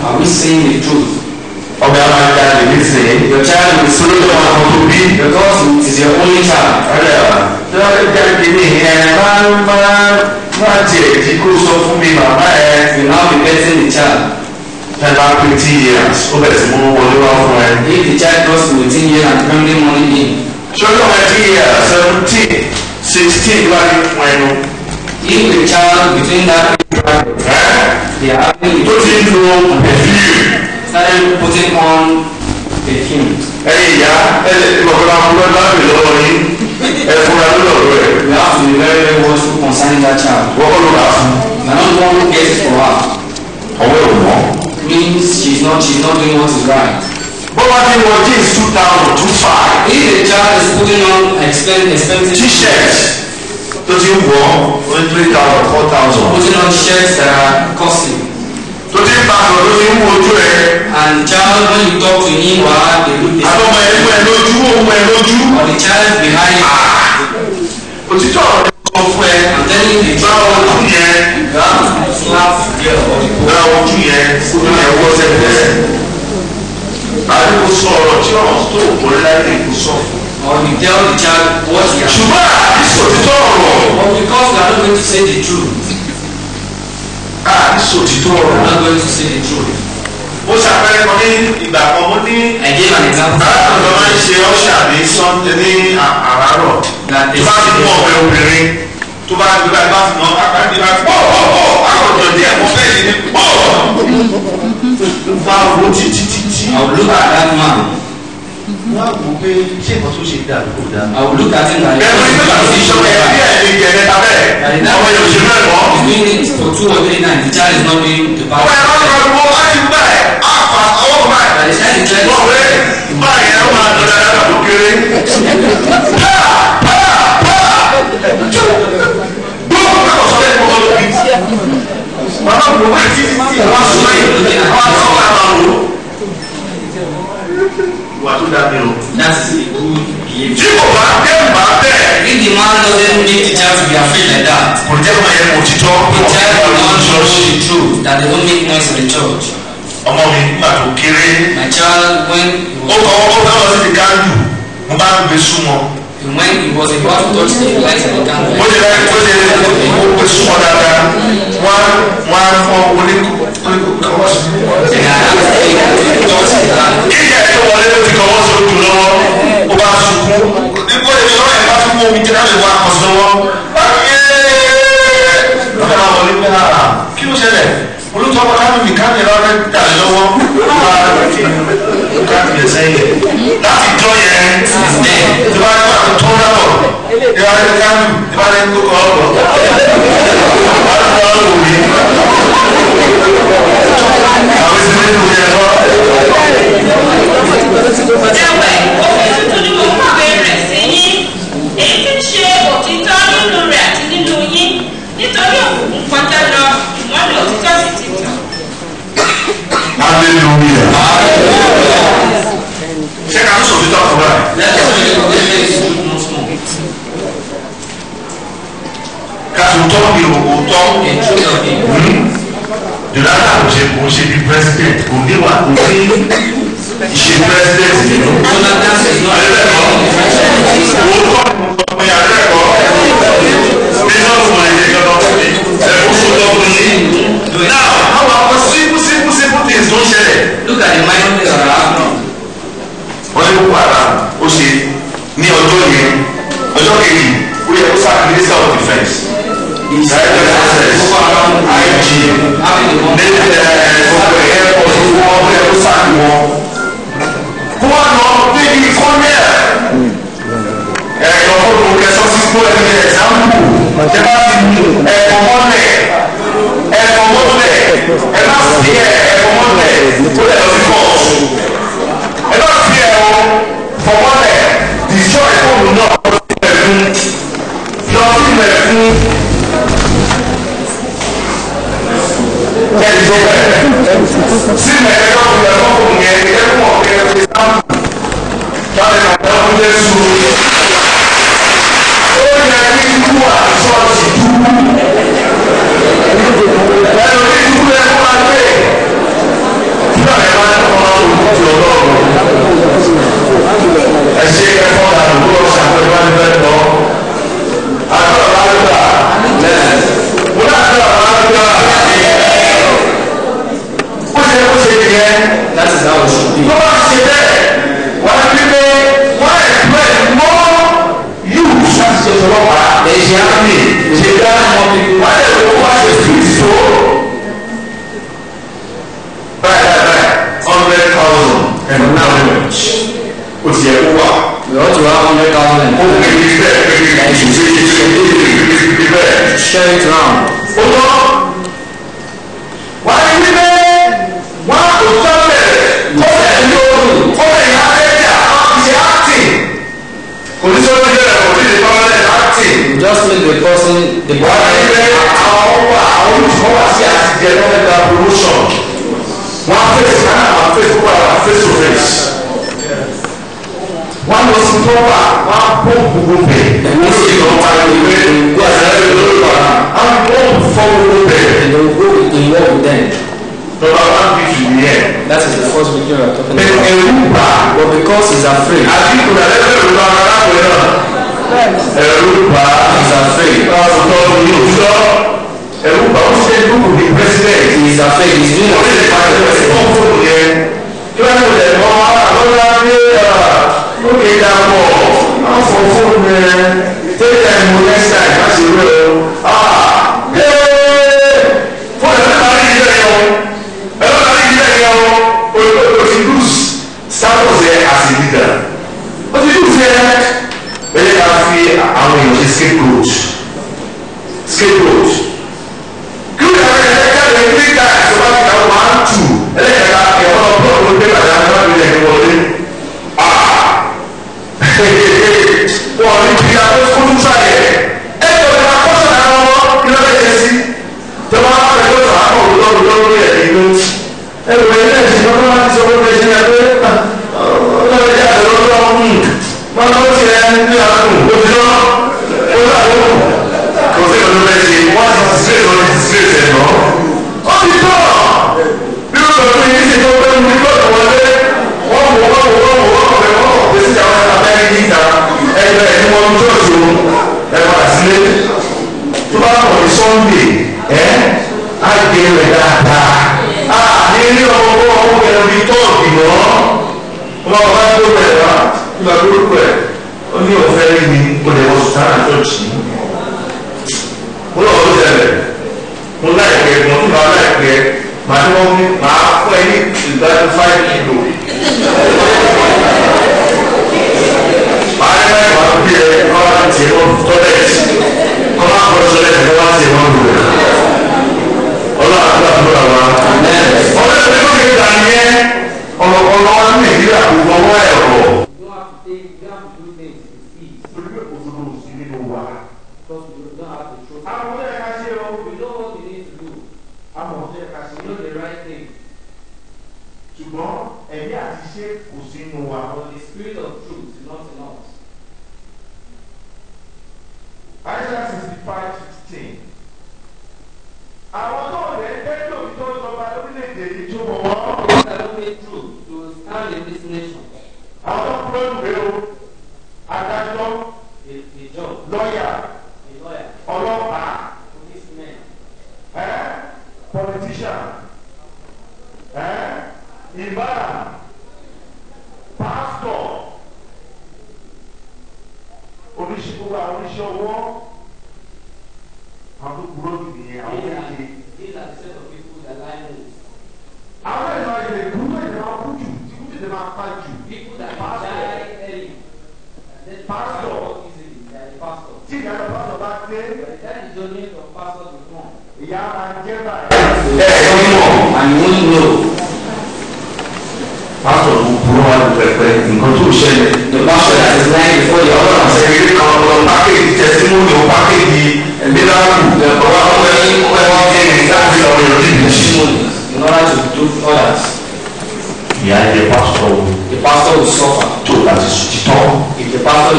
are we saying the truth? ọbẹ̀ àwọn ajá lè ní sè é. your child will follow the one who be. because it is your only child. ọ̀rẹ́ wa lọ́wọ́ jáde ní ẹ̀ máa máa máa tiẹ̀ jí kó sọ fún mi màmá ẹ̀. you now be getting the child. Tẹ́lá twenty years ó bẹ̀rẹ̀ sí mú wọlé wá fún ẹ. if the child cost twenty years and family money in. ṣọlọ́wọ́ ẹ̀ tí yẹ seventeen sixteen wáyé wọn ẹnu if the channel between that they are having to ti lu perfume started putting on perfume. ẹ̀yin ìyá ẹ lè mọ̀kànlá fúnra lábẹ́ lọ́wọ́ yín ẹ fúnra lọ́dọ̀ rẹ̀. we have to be very very watchful concerning that child. wọ́n kọ́ ló rà fún. na no one who get it for her. ọwọ́ ẹ̀ wọ́n. means she is not she is not doing what is right. bọ́lá ní wọ́n jeans two thousand two five. if the child is putting on expect expecting. t-shirt tó ti wọ̀ ọ́ ó four thousand. ó ti lọ are costly. tó ti ń bàtọ̀ tó and child when you talk to him wa they look the same. àtọ́mọ ẹ̀ ń wẹ̀ lójú ó ń wẹ̀ lójú. or the child behind you. Ah! òtítọ́ ọ̀rọ̀ sọ and then you dey try one ojú yẹn. you have to slap there or the pole. náà ojú yẹn ojú yẹn wọ́ sẹ́gbẹ̀ẹ́. àdúgbò sọ̀rọ̀ tí ọ̀rọ̀ tó wọlé láyé kò sọ fún or we tell the child what he has. ṣùgbọ́n àti sòtítọ́ ọ̀rọ̀. but because we are not going to say the truth. àti sòtítọ́ ọ̀rọ̀. we are not going to say the truth. ó ṣàpẹẹrẹ kan ní ìgbà kan mo ní. ẹ̀jẹ̀ ìgbà nìkan. arákùnrin máa ń ṣe ọ̀ṣà ní sunday ní àràárọ̀. tó bá fi mú ọ̀bẹ obìnrin tó bá fi bá fi mọ akáàdé bá fi bọ́ọ̀ bọ́ọ̀ àròjọ díẹ̀ mo fẹ́ yìí ní bọ́ọ̀. bá a wo títí títí. àwòrán àdámà wọ́n á wò ó pé ṣé nǹkan tó ṣe dà kò dà. àwùjọ ta ti nà ní. bẹ́ẹ̀ bá sí sọ ẹ bí ẹ lè jẹ mẹ́ta bẹ́ẹ̀ ọmọ yóò ṣe mẹ́rin mọ́. ìdílé for two or three nights the child is not being the ọmọ ẹ̀rọ ọ̀rọ̀ ìwọ wá ti gbà ẹ̀ á bá ẹ̀. àti ṣáà ti tẹ́lẹ̀. wọ́n wẹ́ báyìí ẹ̀ máa lọ dáadáa ló kéré. bàbá mi ò bá ti ti wá sọ yìí wá sọ ìwà tó dáa ni o. that's a good tí kò bá dé bá bẹ́ẹ̀. if the man doesn't meet the child to be afraid that. kò jẹ́ kó yẹ òtítọ́. the child will not know the truth that they don't make noise in the church. ọmọ mi nígbà tó kéré. my child when. ó kọ́ ọ́ kọ́ ọ́ lọ sí ti káńdù mo bá ń gbé súnmọ́. And when he was about to touch the light began to. ó ṣe ó ṣe ó súnmọ́ dáadáa wọ́n wọ́n á fọ́ oníkókó kọ́wọ́ sí i. ẹ̀yà láti ṣe ìtọ́sí ìlànà. ìjà tó wọlé ló ti kọ́wọ́ sókè lọ́wọ́ ó bá sunkún. nígbà tó yẹ lọ́wọ́ ẹ̀ bá tún mú omi jẹ́ láti wá àkọsọ́wọ́. make the person the person. wọ́n ní bẹ́ẹ̀ àwọn ọgbà àwọn olùfọwọ́sí àti jẹ́nẹ́ta promotion wọ́n á fèsì náà wọ́n á fèsì wọ́n á fèsì fèsì wọ́n lọ sí pọ́pà wọ́n á pọ́ gbogbo bẹ̀. ẹ̀mí sì lọ wá ìwé ìgbà ẹ̀rọ lórí wa á pọ́ fọ́ gbogbo bẹ̀. and they will go in war with them. Number one That is the first victory we are talking about. But because he's afraid. Àti ìkùnà lẹ́gbẹ̀rún ló máa ń náà ẹ̀rù bá ìsàfẹ́ ìbáwọ̀tọ́ olùdíjọ́ ẹ̀rù bá ó ṣe dúkù ní pẹ́sidẹ̀ntì ìsàfẹ́ ìdílé wọn lè pa ẹ̀rọ sí fún fóònù yẹn kí wọ́n lè mọ àlọ́lá ní lókè dàpọ̀ wọ́n fọ fóònù yẹn tẹ́lẹ̀ mú nẹ́sà ìbáṣe rẹ̀ o. fóònù ẹ̀rọ bá rí ilé yẹn o ẹ̀rọ bá rí ilé yẹn o o ti lose status yẹn as a leader o ti lose yẹn. Ele yẹ ká fi àwọn èèyàn ṣe sára tó jì í mo lọ́wọ́ ló ṣẹlẹ̀ mo láìpẹ́ mo tún máa láìpẹ́ màá tí wọ́n mú màá ẹ ní ìgbádùn five kilo màá báyìí màá bí ẹ kọ́ máa tiẹ̀ wọ́n tọ́lẹ̀tì kọ́ máa kọ́ tọ́lẹ̀tì kọ́ máa tiẹ̀ wọ́n lò ọlọ́run àti àbúrò àwa ọlọ́run tó kéde ta ni ẹ ọ̀rọ̀ ọ̀rọ̀ wa ní nàìjíríà kò gbọ́ wọ́ ẹ̀rọ. ¡Vaya!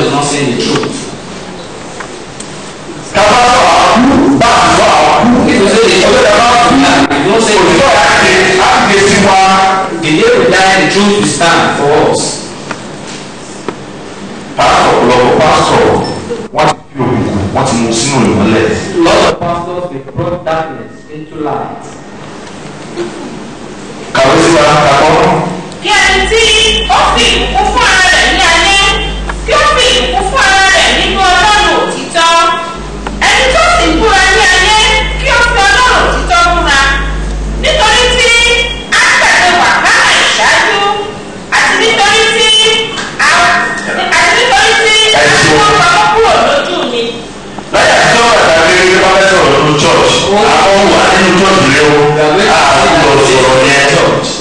is not saying the truth. Kaba sọ àkú bá sọ àkú. Nítorí ìṣòro ìṣòro bá wà ní àgbègbè ṣe òṣìṣẹ́ àti àgbè sí wa. The day we die the truth will stand for us. Pásọ̀ lọ́wọ́ pásọ̀ wọ́n ti fi òkùnkùn wọ́n ti mú sínú ìmọ́lẹ̀. Lord of pastors they brought darkness into light. Kàwé sí wa kakọ́. Kí ẹni tí ó fi òkú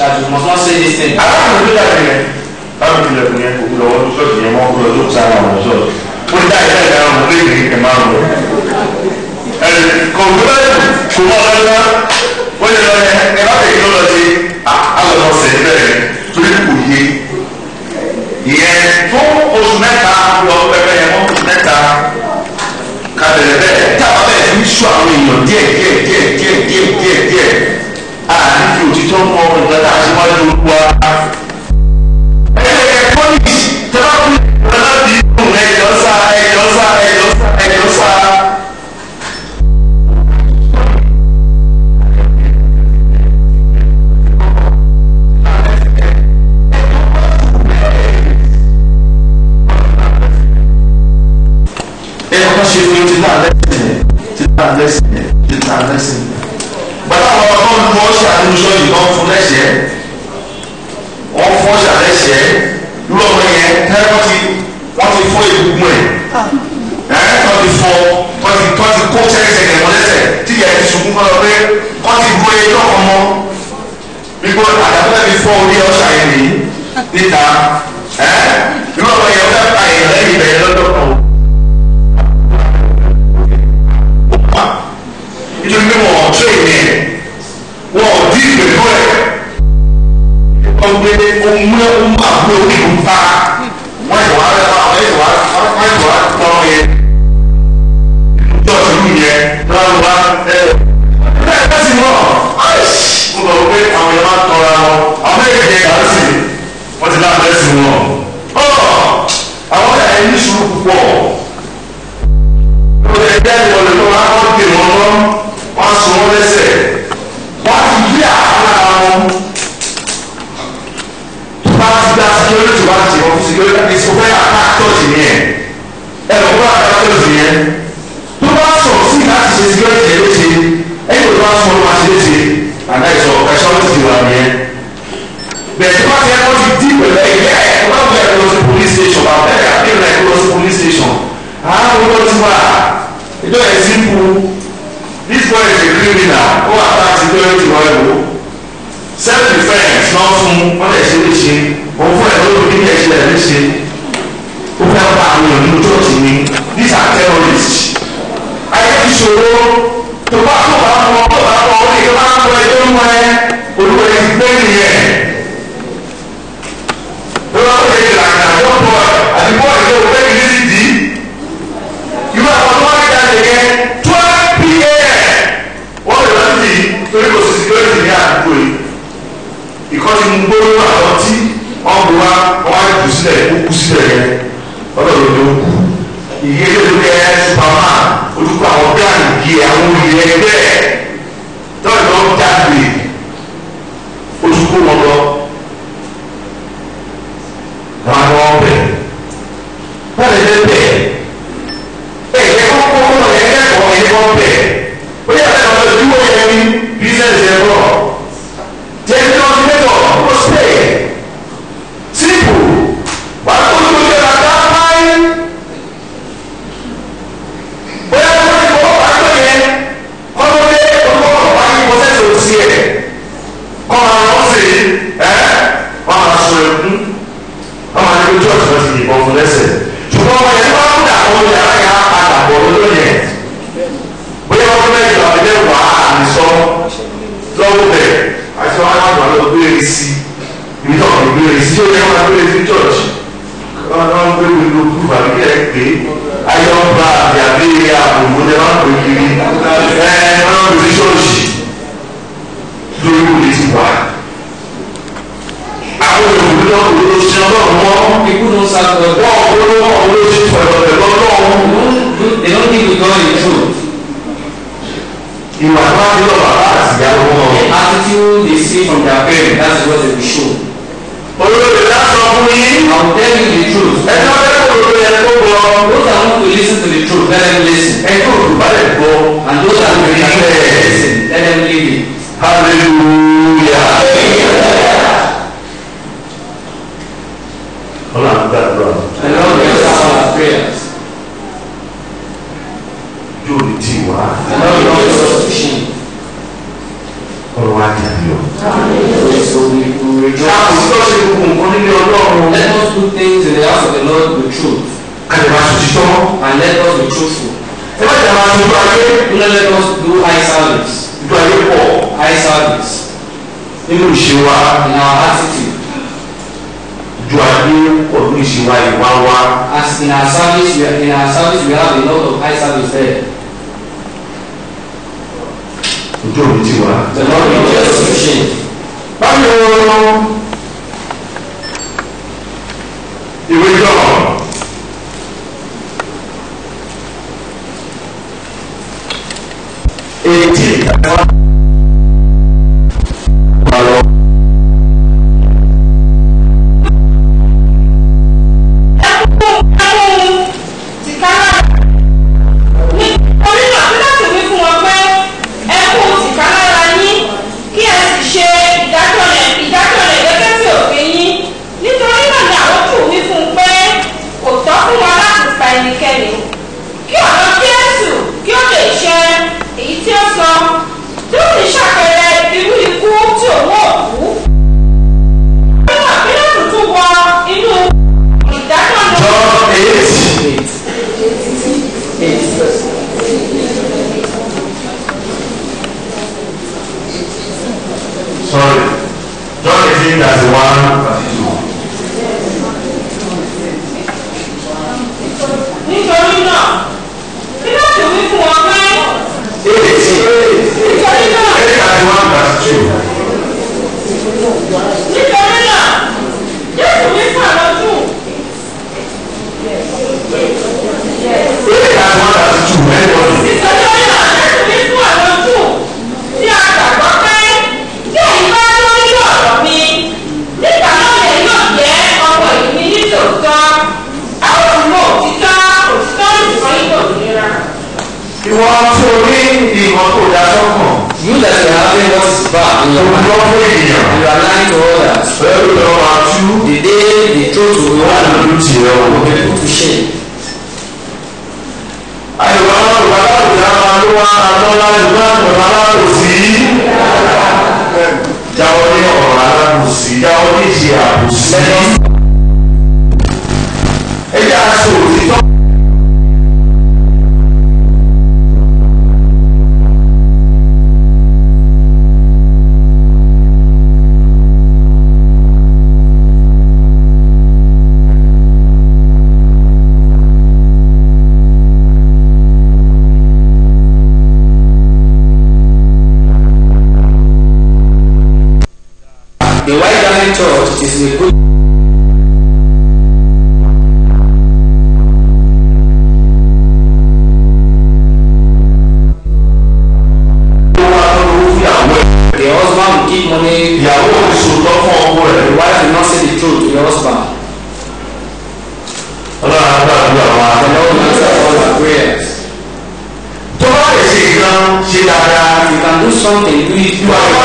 that you must not say this thing. aláàbò ló dà bí yẹn báwo ti lẹ̀kùn yẹn kò gbúdọ̀ wọ́n sọ̀tì yẹn wọ́n gbúdọ̀ ló sára wọn sọ̀tì ó dá ìdá ìdá àwọn ọmọ lẹ́yìn ìrìn kẹmà lọ. kò gbúdọ̀ kò mọ ọ̀dọ́ ó lè lọ yẹn eh, ẹ bá tẹ̀yìn lọ sí alọ́sẹ̀ bẹ́ẹ̀ eh, torí kò yé ìyẹn fún oṣù mẹ́ta lọ pẹ́pẹ́ yẹn fún oṣù mẹ́ta kàbẹ̀rẹ̀ bẹ́ẹ̀ táwọn bẹ́ẹ̀ fi ń sọ àwọn èèyàn díẹ̀ díẹ̀ díẹ̀ díẹ̀ díẹ̀ díẹ̀ àti fi òtítọ́ mọ nǹkan tá a ṣe olúwa. ti náà lẹ́sìn ti náà lẹ́sìn ti náà lẹ́sìn irú ọmọ yẹn tẹ́lẹ̀ wọ́n ti wọ́n ti fọ́ egungun ẹ̀ ah. ẹ̀ tọ́ ti fọ́ tọ́ ti tọ́ ti kó sẹ́sẹ̀ ẹ̀ mọ́lẹ́sẹ̀ tí yẹn ti sunkún kọ́ lọ pé kọ́ ti bu eyín náà ọmọ gbígbó àdàbọ̀ ti fọ́ orí ọ̀ṣà yẹn nìyí níta ẹ̀ irú yẹn wọ́n fẹ́ pa èèyàn lẹ́yìn ìbẹ̀rẹ̀ lọ́dọ̀ kan. nítorí pé wọn ò tó ìyẹn ò dín ìgbẹ́ para ìwé ìsopẹ́ àtàkọ́sì yẹn ẹ̀rọ fún àtàkọ́sì yẹn tó bá sọ sí láti ṣe síkírẹ́tì ẹ̀ léṣe ẹ̀yìn tó bá sọ ló máa ṣe léṣe àná ìsọ ẹ̀ṣọ́ ló ti wà nìyẹn. bẹ̀rẹ̀ tí wọ́n ti ẹ̀kọ́ ti dí pẹ̀lú ẹ̀yẹ ẹ̀ wọ́n bẹ̀rẹ̀ lọ sí police station àbẹ̀rẹ̀ àbẹ̀rẹ̀ ẹ̀ lọ sí police station àwọn olóòtúwà ìjọ ẹ̀ sípò this boy is a criminal ó àtàkì security wọ́n ẹ̀ wò self defence náà fún wọ́n lè ṣe léṣe òun fún ẹ lórí bí kẹsì ẹ lè ṣe ó fẹ́ pa àwọn èèyàn nínú church ni these are terrorists ayé ti ṣòro tó bá tó bá mọ tó bá mọ ó lè tó bá mọ ẹ tó ń mọ ẹ olúwa ẹ ti gbé nìyẹn lọ́wọ́ ó lè lànà yọ bọ̀ àti bọ́ọ̀lù tó gbé nìyẹn sì dì í irú àwọn tó wà ní ìdájọ́ yẹn twelve pm wọ́n lè lọ́ọ́ dì í torí kò sí security ní àdúgbò yìí ìkọ́sí mú gbólóhùn àwọn tí wọn bu wa wọn wá jù sílẹ̀ kó kú sílẹ̀ yẹn ọlọ́run ló kú ìyé ló lẹ sùpàmà olùkọ́ àwọn gáàgì àwọn olùyẹ bẹ́ẹ̀ tọ́jú ọ̀dàgbè oṣù kó wọn ṣé ẹ máa gbé sí church wọn máa gbé gbogbo group àbí ẹ pé ayọ̀nba àti àbí àbòmú ẹ máa ń pè kiri ẹ máa ń gbé ṣọ́ọ̀ṣì lórí wòlé ti wà. àwọn òbí náà kò ló ṣe ọlọ́run mọ́ ìkúnú sàkóso wọn ò ló wọn ò ló ṣe pẹ̀lú pẹ̀lú ọlọ́run. they don't give you God in truth. ìwà tó wá sí lọ́wọ́ àbá àti ìyá lọ́wọ́. the attitude they see from their parents that's what they be show olórí náà sọ fún yín. I'm telling you the truth. ẹ jọ bẹ́ẹ̀ kó lórí ẹ kó gbọ́. those are not to listen to the truth let them listen. ẹ kó olùbálẹ̀ gbọ́. and those are to be fair listen let them live it. hallelujah. ọlọ́run gbàgbọ́. ṣe gbogbo nǹkan nílé ọlọ́run. let us do things in the house of the Lord with truth. kàdìmá sùn títọ́. and let us be truthful. ẹ bá jẹ́ àwọn aṣojú ayé. do let us do high service. ìjọ ayé pọ̀. high service. nínú ìṣe in our attitude. ìjọ ayé pọ̀ nínú ìṣe wa ìwà wa. as in our service we in our service we have a lot of high service there. ojú òbí ti wá. the Lord will just change. báyọ̀. Here we go. the white garment taught it is a good. The husband give money. Ìyàwó ìṣòtọ́ fún ọkọ rẹ̀. The wife will not say the truth the husband. Ọlọ́run àgbà àdúrà wa. The Lord will answer all our prayers. Tó bá lè ṣe ìran ṣe dáadáa. You can do something do it well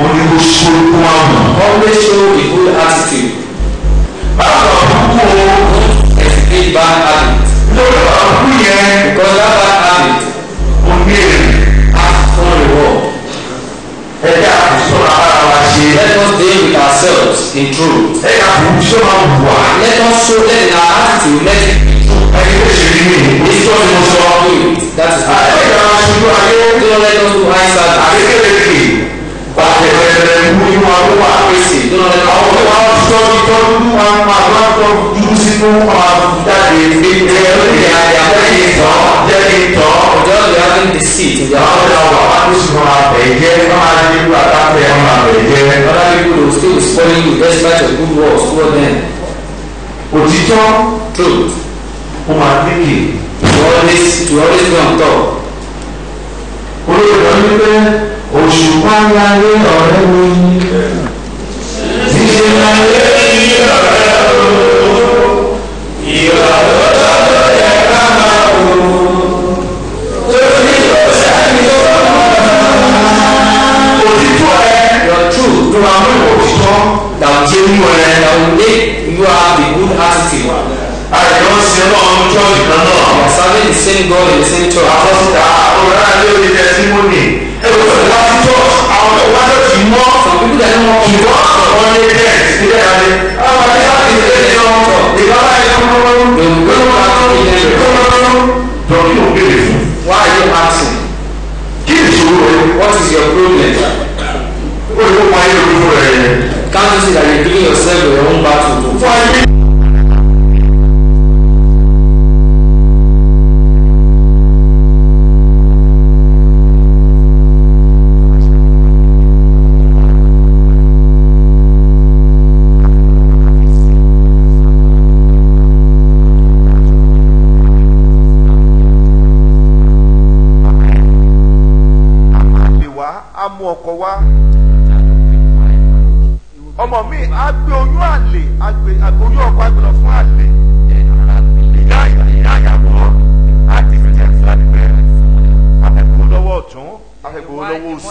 òun ni mo ṣe kó wá always show a good attitude. bákan náà kú o explain bad habit. lórí ọ̀rọ̀ kú yẹn. because that bad habit. o ní èrè. ask for reward. ẹ jẹ́ àkùsọ̀rọ̀ ara wa ṣe. let us deal with ourselves in truth. ẹ jẹ́ àkùsọ̀rọ̀ àwọn bùwà. let us show let in our attitude let it be true. ẹni tó ṣe ní mi. èyí tó mo sọ. that is why. àyẹ̀wò ìjọba ṣubú ayé. don't let us do high service. àbíkẹ́lẹ́ kì í àwọn tó wá sọ ìtọ́ dúdú wa máa wá sọ dúdú sínú wa jáde ní ẹ̀rọ ìyá jẹ́ni tọ́ jẹ́ni tọ́ ọjọ́ ìyá ní the seat ìjà wọn lọ wà wá ní sùn máa bẹ̀ jẹ́ máa ní ìlú àtàkùn ẹ̀ máa bẹ̀ jẹ́. other people will still be spoiling you despite your good works toward them. òtítọ́ truth ó máa níkì. to always to always go on top. olóòtú ọ̀hún pé òṣùpá ńlá ní ọ̀rẹ́ mi same God in the same church. Àkọsílẹ̀ àwọn ọ̀rẹ́ àti olùdẹ̀símọ́nì. Ẹ wọ́n ti láti tọ́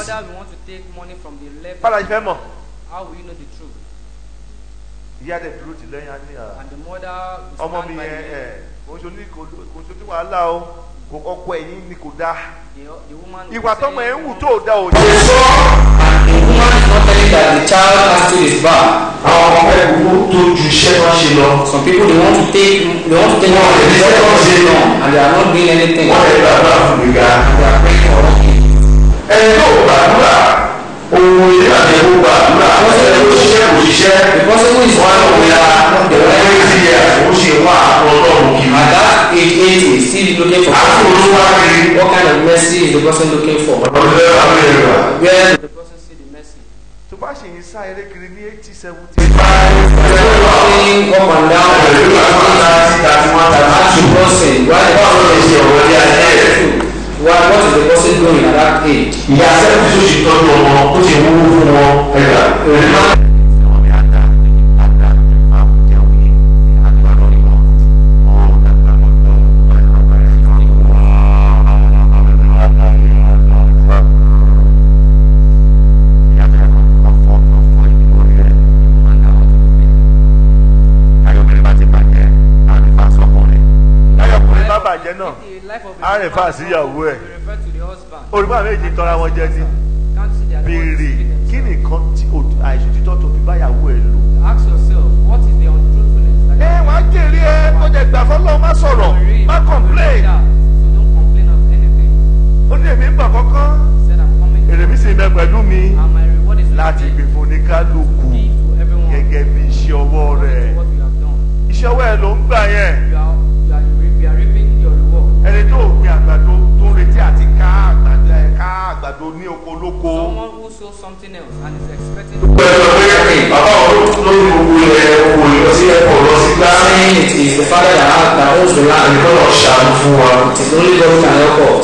Whether will want to take money from the left. Báwo la ṣe fẹ́ mọ̀? How will you know the truth? Ìyá rẹ̀ dúró ti lẹ́yìn àníyàn. And the mother will stand by the lady. Ọmọ mi kò ṣe ní wàhálà o, ọkọ ẹ̀yìn ni kò dáa. Ìwà tọmọ ẹ̀ ń wù tó da òjò. The woman is not telling that the child has to his back. Àwọn ọmọ ẹ̀ wú tó ju iṣẹ́ wọn ṣe lọ. Some people they want to take they want to take one of the iṣẹ́ wọn ṣe lọ and they are not doing anything. Wọ́n yẹ bàbá fún mi ga. owó yẹn. nígbà tí ewu gbà nígbà tí wọ́n ṣe ewu ṣiṣẹ́ kò ṣiṣẹ́. ìfọ́sẹ́wò ìṣẹ́ wọn ò ya ẹ̀rọ ti yẹ àfọwọ́ṣe wà ọlọ́run kì í máa. that age eight is still looking àti olúwa kiri. what kind of mercy is the person looking for. àwọn èèyàn. where the person see the mercy. tó bá ṣe ń sá why what is the person doing at that age. ìyá sẹ́kùn tó ṣe tọ́jú ọmọ ó ti wúwo fún wọn rìfà síyàwó ẹ̀ olùbá méjì tọ́ra wọn jẹ́ ní béèrè kí nìkan tí àìsòtítọ́ tó fi báyàwó ẹ̀ lò. what is the untruthfulness. ẹ wàá jèrè ẹ kó jẹ gbà fọlọ́ má sọ̀rọ̀ má complain. ó ní èmi ń bọ̀ kọ́kọ́ èrè mi sì ń bẹ pẹ̀lú mi láti gbé fún ní kálukú gẹ́gẹ́ bí iṣẹ́ ọwọ́ rẹ̀ iṣẹ́ ọwọ́ ẹ̀ ló ń gbà yẹn ẹni tó gbin àgbàdo tó ń retí àti ká àgbàdo ní oko lóko. someone who saw something else and is expecting. bàbá olóòtú ló gbogbo ilẹ̀ oko lọ sí ẹ̀kọ́ lọ sí gbáàmì it is the father that has ṣàánú fún wa it is only God can kọ́lọ̀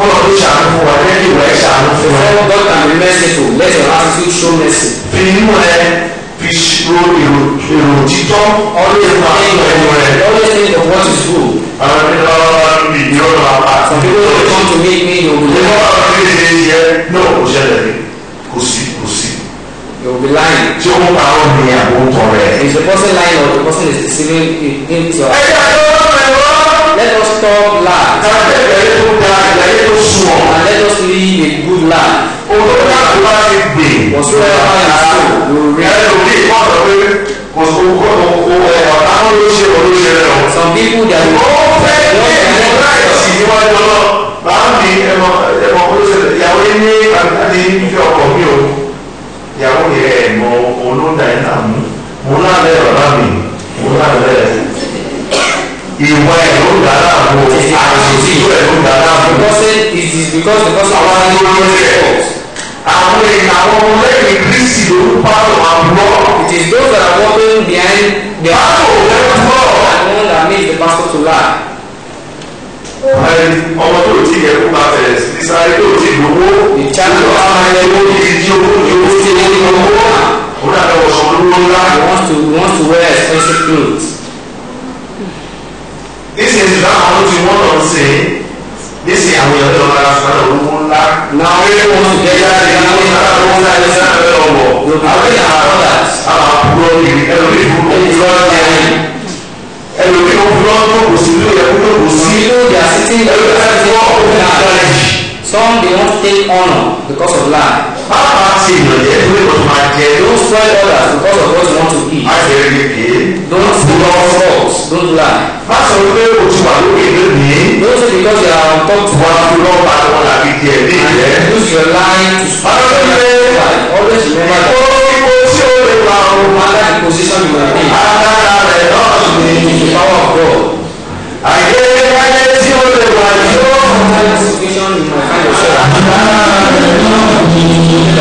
ló ṣàánú fún wa lẹ́yìn ìwà ẹ̀ ṣàánú fún wa. before God can be merciful let your attitude show mercy. fi inú ẹ ìṣòro èrò títọ́ always na ẹnu rẹ̀. always think of what is good. àwọn ènìyàn ní ọ̀nà àpá. some people dey come to meet me you go dey. ìwọ àwọn ọmọ ìdílé yẹ náà kò ṣẹlẹ̀ ní kò sí kò sí. you will be lying. tí o mú àwọn ènìyàn kò ń kọ rẹ̀. is the person lying or the person is deceiving you into. ẹ let us talk life. Tàbí ìgbàyé tó da ìgbàyé tó sùn. And let us live a good life. Olórí àgbà ti gbè. Whatsoever you sow, you reap. Ẹlòmíì kọ́ ọ̀dọ̀ pé kò sóko kò ẹ̀ ọ̀tá kó ló ṣe kò ló ṣe rẹ̀ o. Some people dey. Ó fẹ́ kí ẹ̀ láìsí níwájú ọlọ́ bá ń b knowledge. Some they won't take honor because of lie. Bàbá sì mọ̀ jẹ́ pé o máa jẹ. Don't spoil others because of what you want to eat. I say rí ké. Don't speak all false. Don't lie. Má sọ pé o ti wà lókè lónìí. Don't say because you are on top to one to one by one àbí díẹ̀ ní ìjẹ́. And use your line to spoil others. Always remember that. Ó position you are in. Agbára rẹ̀ náà ni. The power of God. Àyè ayé tí ó lè wà yóò mental situation you might find yourself.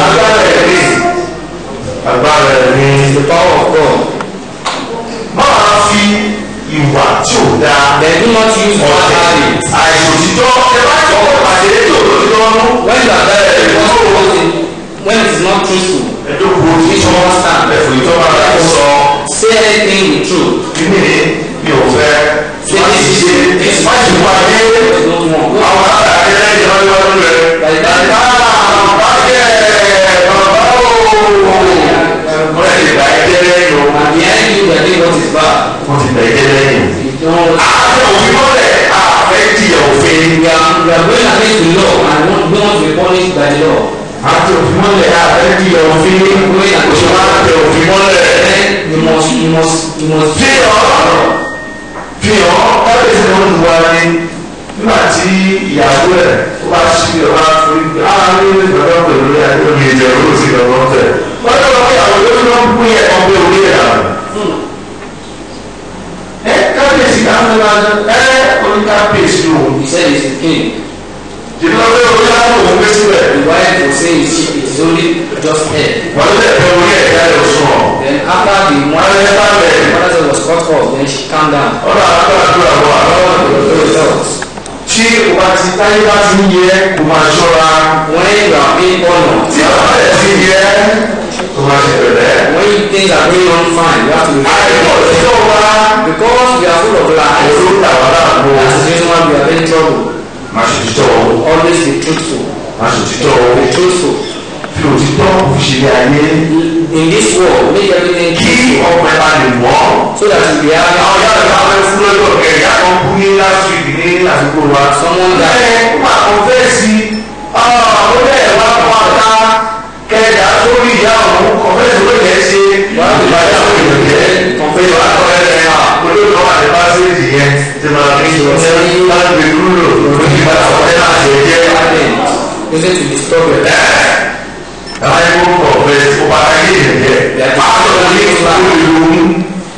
agbára ẹ̀ ní agbára ẹ̀ ní the power of God. máa fi ìwà tí ò dáa. they do not use bad habits. àìsòtítọ́ ẹ bá jọ̀wọ́ pàṣẹ ètò òtítọ́ nú. when you are there you must go when it is not truthful. ẹ jókòó ní ìṣọwọ́ sáà. ẹ̀fọ́ ìjọba rẹ̀ sọ. say anything with truth. kí ni mi ò fẹ́. ṣe é ṣe é ṣe é ṣe é ṣe é ṣe é ṣe é ṣe é ṣe é ṣe é ṣe é ṣe é tí o bá ti táyé bá ti ń yẹ kó máa ṣọ́ra. wọ́n ń gbà pé ọ̀nà. tí a bá rẹ̀ ti yẹ kó máa ṣe bẹ̀rẹ̀. when you think that we don find you have to be careful. because we are full of lies. olú tàwa náà mú. that is why we are in trouble. máa ṣe títọ́ o. always be truthful. máa ṣe títọ́ o. be truthful fi òtítọ́ òfìṣẹ̀lẹ̀ ayé. in this world make everything true. kí ọkọ̀ ẹ̀ bá lè wọ́. so that you be happy. àwọn yàrá ìgbà wọn fún lọ́jọ́ kẹrì àkọ́ kú ní last week ní àdúgbò wa. someone die. ẹ ẹ wà kàn fẹ́ sí ọ bẹ́ẹ̀ wá wá ká kẹjà sórí ìyá òun kọ̀fẹ́ sórí ẹ̀ ṣe. wà á ti bá yà wọ́n yóò jẹ́ kọ̀fẹ́ wà á kọ́ ẹ̀ ẹ̀ hà olóòtú wà ní pásítì yẹn ti máa fi ṣe láti fi dúró lò lórí ìgbà tó ẹ̀ náà ṣe jẹ́. isn't it disturbing? bible confess ọba ayé yẹn yẹ pásítọ̀ ní ìtura ìlú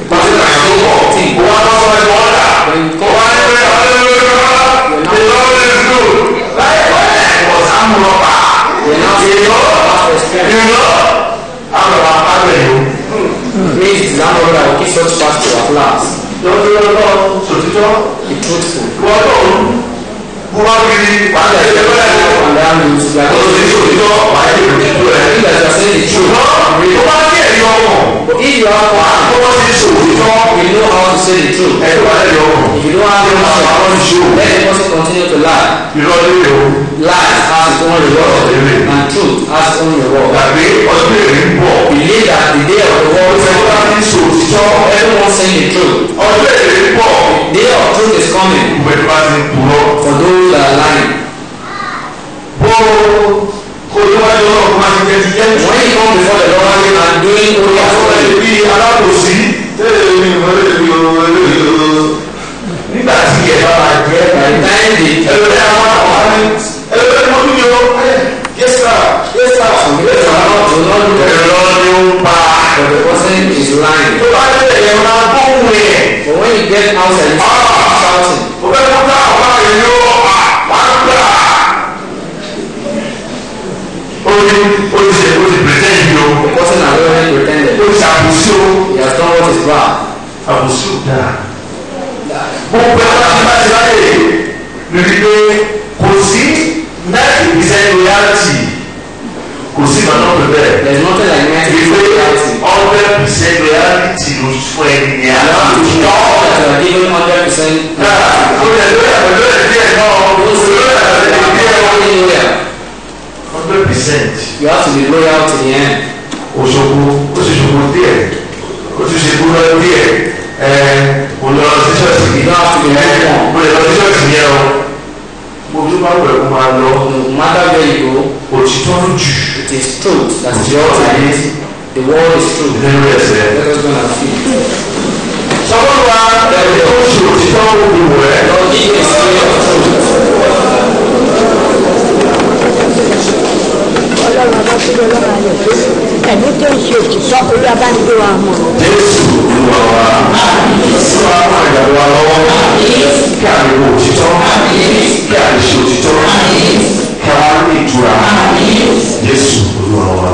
pásítọ̀ àyàwó pọ̀ wọn lọ́sọ̀rọ̀ ẹ̀ẹ́dì ẹlòmí àwọn àwọn ẹlòmí ẹni mo tún yọ yẹsà yẹsà yẹsà lọ́tún lọ́dún ẹ̀rọ ni ó ń pa the person is lying. tó bá dé ẹ̀yẹ̀ wọn á bó wù yẹn. but when you get outside you start ah! shouting. mo fẹ́ kó tá àwọn èèyàn ọ̀pá máa ń gbà. ó ní ṣe ó ti pretend yìí o. the person na lọ́wọ́ pretend. ó ti ṣàbùsù. he has done what is bad. àbùsù dáa. gbogbo lórí pé kò sí ninety percent loyalty kò sí màná pẹ̀ there is no thing like ninety percent loyalty. hundred percent loyalty ló fún ẹ ní àná. ìjọ ọ̀rẹ́ ti ní hundred percent. náà o lè lóyà pẹ̀lú ẹ̀ díẹ̀ náà o sì lóyà pẹ̀lú ẹ̀ díẹ̀ náà. hundred percent. you have to be loyal to the end. òṣogbo ó sì ṣogbo díẹ̀ ó sì ṣe gbúdọ̀ díẹ̀ ẹ̀ kò lọ sí ṣọ́ọ̀ṣì yìí. you have to be loyal. mo lè lọ sí ṣọ́ọ̀ṣì yẹn o ojú bá máa lọ. matter where you go. òtítọ́ jù. it is truth that is your identity. the world is true. lẹ́nu ẹsẹ̀. let us go and see. sọ́kọ́ wa ẹ̀rí tó ń ṣe òtítọ́ òbí wẹ̀. lọ kí ẹ sí ọ̀tún ẹ̀mí tó ń ṣe òtítọ́ orí abánigbé wa mọ̀. Jésù olúwa wa sí wa máa yàgò wa lọ́wọ́ kí a lè wo òtítọ́ kí a lè ṣe òtítọ́ kí a lè ìtura Jésù olúwa wa.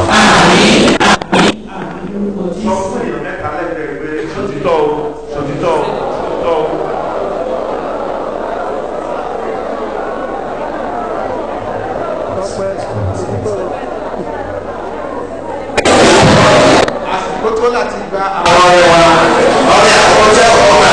Sọ fún èèyàn mẹ́ta lẹ́gbẹ̀ẹ́ pé sòtítọ́ o sòtítọ́ o. tó láti gba àwọn. ọ̀rẹ́ wa ọ̀rẹ́ àkọ́jẹ́ ọ̀rẹ́